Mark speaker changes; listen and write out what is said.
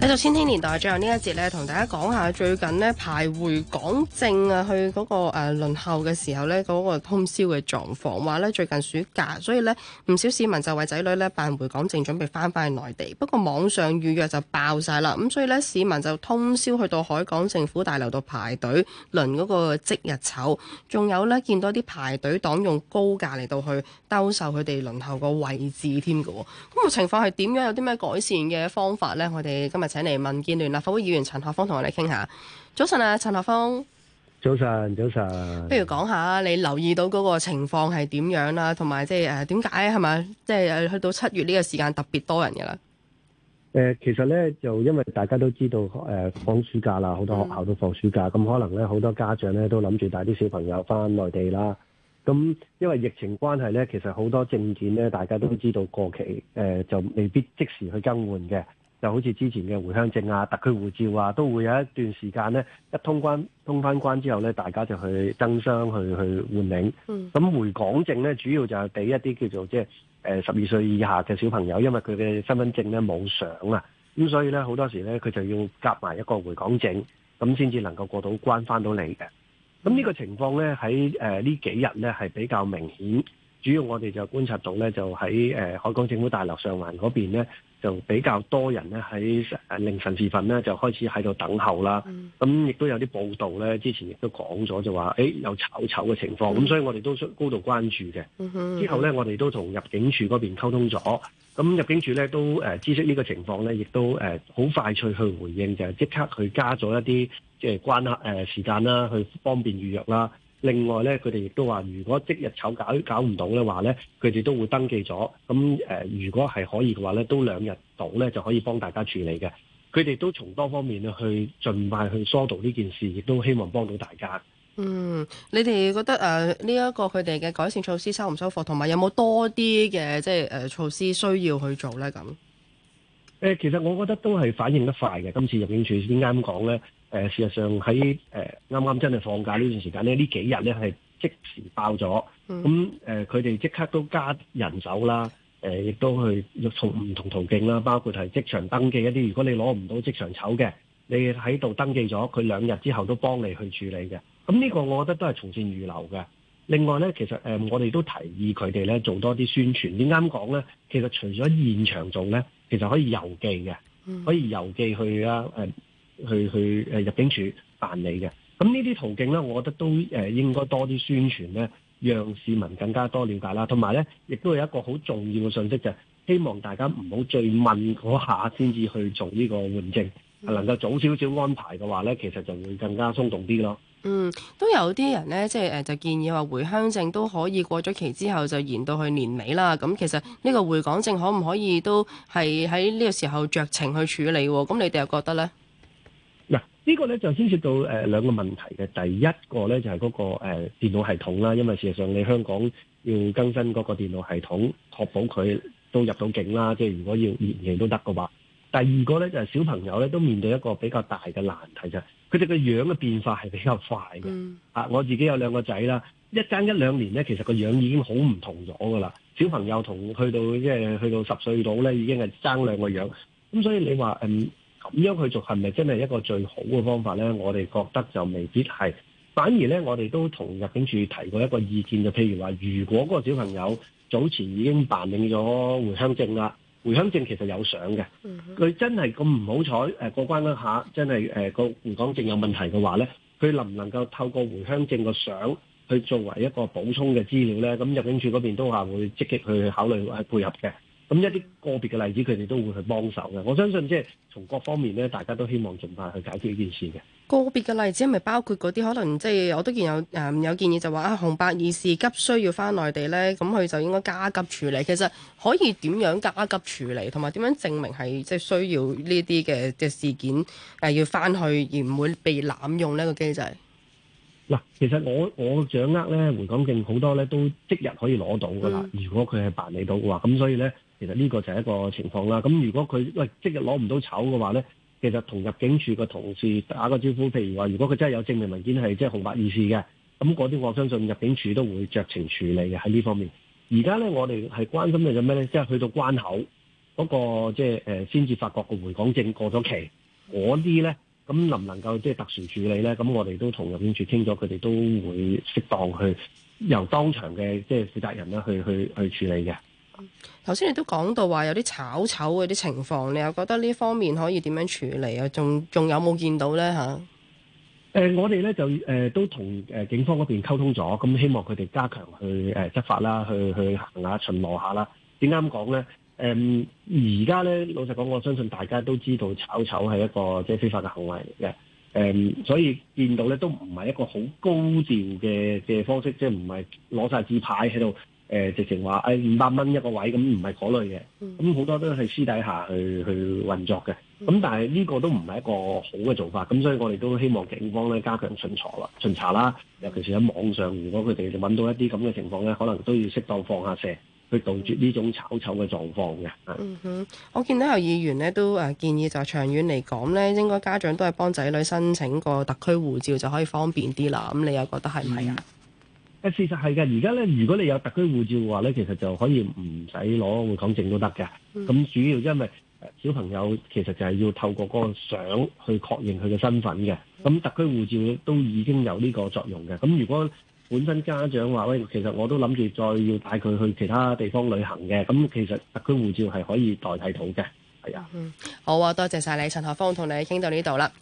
Speaker 1: 喺度千禧年代最後呢一節咧，同大家講下最近咧排回港證啊，去嗰個誒輪候嘅時候咧，嗰個通宵嘅狀況。話咧最近暑假，所以咧唔少市民就為仔女咧辦回港證，準備翻翻去內地。不過網上預約就爆晒啦，咁所以咧市民就通宵去到海港政府大樓度排隊輪嗰個即日籌。仲有咧見到啲排隊黨用高價嚟到去兜售佢哋輪候個位置添喎。咁個情況係點樣？有啲咩改善嘅方法咧？我哋今日。請嚟民建聯立法會議員陳學鋒同我哋傾下。早晨啊，陳學鋒。早
Speaker 2: 晨，早晨。
Speaker 1: 不如講下你留意到嗰個情況係點樣啦，同埋即係誒，點解係咪？即係去到七月呢個時間特別多人噶啦。
Speaker 2: 誒，其實咧就因為大家都知道誒，放暑假啦，好多學校都放暑假，咁可能咧好多家長咧都諗住帶啲小朋友翻內地啦。咁因為疫情關係咧，其實好多證件咧，大家都知道過期，誒，就未必即時去更換嘅。就好似之前嘅回鄉證啊、特區護照啊，都會有一段時間呢，一通關通翻關之後呢，大家就去爭相去去換領。咁、嗯、回港證呢，主要就係俾一啲叫做即係誒十二歲以下嘅小朋友，因為佢嘅身份證呢冇相啊，咁所以呢，好多時呢，佢就要夾埋一個回港證，咁先至能夠過到關翻到嚟嘅。咁呢個情況呢，喺呃、呢幾日呢，係比較明顯。主要我哋就觀察到咧，就喺、呃、海港政府大樓上環嗰邊咧，就比較多人咧喺凌晨時分咧就開始喺度等候啦。咁亦、mm hmm. 都有啲報道咧，之前亦都講咗就話，誒、欸、有炒籌嘅情況。咁、mm hmm. 所以我哋都高度關注嘅。Mm
Speaker 1: hmm. 之後咧，
Speaker 2: 我哋都同入境處嗰邊溝通咗。咁入境處咧都、呃、知悉呢個情況咧，亦都誒好、呃、快脆去回應，就即刻去加咗一啲即係關客、呃、時間啦，去方便預約啦。另外咧，佢哋亦都話，如果即日籌搞搞唔到嘅話咧，佢哋都會登記咗。咁誒，如果係可以嘅話咧，都兩日到咧就可以幫大家處理嘅。佢哋都從多方面咧去盡快去疏導呢件事，亦都希望幫到大家。嗯，
Speaker 1: 你哋覺得誒呢一個佢哋嘅改善措施收唔收貨，同埋有冇多啲嘅即係誒措施需要去做咧？咁？
Speaker 2: 誒，其實我覺得都係反應得快嘅。今次入境處先解咁講呢、呃，事實上喺誒啱啱真係放假呢段時間呢，呢幾日呢係即時爆咗。咁、嗯、誒，佢哋即刻都加人手啦。誒、呃，亦都去從唔同途徑啦，包括係即場登記一啲。如果你攞唔到即場籌嘅，你喺度登記咗，佢兩日之後都幫你去處理嘅。咁、嗯、呢、這個我覺得都係從善如流嘅。另外咧，其實誒、呃，我哋都提議佢哋咧做多啲宣傳。啱啱講咧，其實除咗現場做咧，其實可以郵寄嘅，可以郵寄去啊、呃、去去入境處辦理嘅。咁呢啲途徑咧，我覺得都誒應該多啲宣傳咧，讓市民更加多了解啦。同埋咧，亦都有一個好重要嘅信息就係、希望大家唔好最問再問嗰下先至去做呢個換證，能夠早少少安排嘅話咧，其實就會更加鬆動啲咯。
Speaker 1: 嗯，都有啲人咧，即係誒，就建議話回鄉證都可以過咗期之後就延到去年尾啦。咁其實呢個回港證可唔可以都係喺呢個時候酌情去處理？咁你哋又覺得咧？嗱，
Speaker 2: 呢個咧就牽涉到誒、呃、兩個問題嘅。第一個咧就係、是、嗰、那個誒、呃、電腦系統啦，因為事實上你香港要更新嗰個電腦系統，確保佢都入到境啦。即係如果要延期都得嘅話，第二個咧就係、是、小朋友咧都面對一個比較大嘅難題啫。佢哋個樣嘅變化係比較快嘅，嗯、啊，我自己有兩個仔啦，一爭一兩年咧，其實個樣已經好唔同咗噶啦。小朋友同去到即係去到十歲到咧，已經係爭兩個樣。咁、嗯、所以你話嗯咁樣去做係咪真係一個最好嘅方法咧？我哋覺得就未必係，反而咧我哋都同入境處提過一個意見，就譬如話，如果嗰個小朋友早前已經辦理咗回鄉證啦。回鄉證其實有相嘅，佢、嗯、哼真係咁唔好彩誒過關一下，真係誒個回港證有問題嘅話咧，佢能唔能夠透過回鄉證個相去作為一個補充嘅資料咧？咁入境處嗰邊都話會積極去考慮配合嘅。咁一啲個別嘅例子，佢哋都會去幫手嘅。我相信即係從各方面咧，大家都希望盡快去解決呢件事嘅。
Speaker 1: 個別嘅例子係咪包括嗰啲可能即係我都見有誒有建議就話啊，紅白二事急需要翻內地咧，咁佢就應該加急處理。其實可以點樣加急處理，同埋點樣證明係即係需要呢啲嘅嘅事件誒要翻去，而唔會被濫用呢個機制。嗱，
Speaker 2: 其實我我掌握咧，回港證好多咧都即日可以攞到噶啦。如果佢係辦理到嘅話，咁所以咧。其實呢個就係一個情況啦。咁如果佢喂即日攞唔到籌嘅話呢，其實同入境處嘅同事打個招呼，譬如話如果佢真係有證明文件係即係紅白二事嘅，咁嗰啲我相信入境處都會酌情處理嘅喺呢方面。而家呢我哋係關心嘅就咩呢？即係去到關口嗰、嗰個即係先至發覺個回港證過咗期，嗰啲呢。咁能唔能夠即係特殊處理呢？咁我哋都同入境處傾咗，佢哋都會適當去由當場嘅即係負責人啦去去去處理嘅。
Speaker 1: 頭先你都講到話有啲炒籌嗰啲情況，你又覺得呢方面可以點樣處理啊？仲仲有冇見到咧吓？
Speaker 2: 誒、呃，我哋咧就誒、呃、都同誒警方嗰邊溝通咗，咁、嗯、希望佢哋加強去誒執、呃、法啦，去去行下巡邏下啦。點解咁講咧？誒、呃，而家咧老實講，我相信大家都知道炒籌係一個即係、就是、非法嘅行為嚟嘅。誒、呃，所以見到咧都唔係一個好高調嘅嘅方式，即係唔係攞晒紙牌喺度。誒、呃、直情話誒五百蚊一個位咁唔係嗰類嘅，咁好多都係私底下去去運作嘅。咁但係呢個都唔係一個好嘅做法。咁所以我哋都希望警方咧加強巡查啦，巡查啦。尤其是喺網上，如果佢哋揾到一啲咁嘅情況咧，可能都要適當放下蛇，去杜絕呢種炒籌嘅狀況嘅。嗯哼，
Speaker 1: 我見到有議員咧都誒建議就係長遠嚟講咧，應該家長都係幫仔女申請個特區護照就可以方便啲啦。咁你又覺得係咪啊？
Speaker 2: 誒事實係嘅，而家咧，如果你有特區護照嘅話咧，其實就可以唔使攞回港證都得嘅。咁、嗯、主要因為小朋友其實就係要透過嗰個相去確認佢嘅身份嘅。咁、嗯、特區護照都已經有呢個作用嘅。咁如果本身家長話喂，其實我都諗住再要帶佢去其他地方旅行嘅，咁其實特區護照係可以代替到嘅。
Speaker 1: 係啊、嗯，好啊，多謝晒你，陳學鋒同你傾到呢度啦。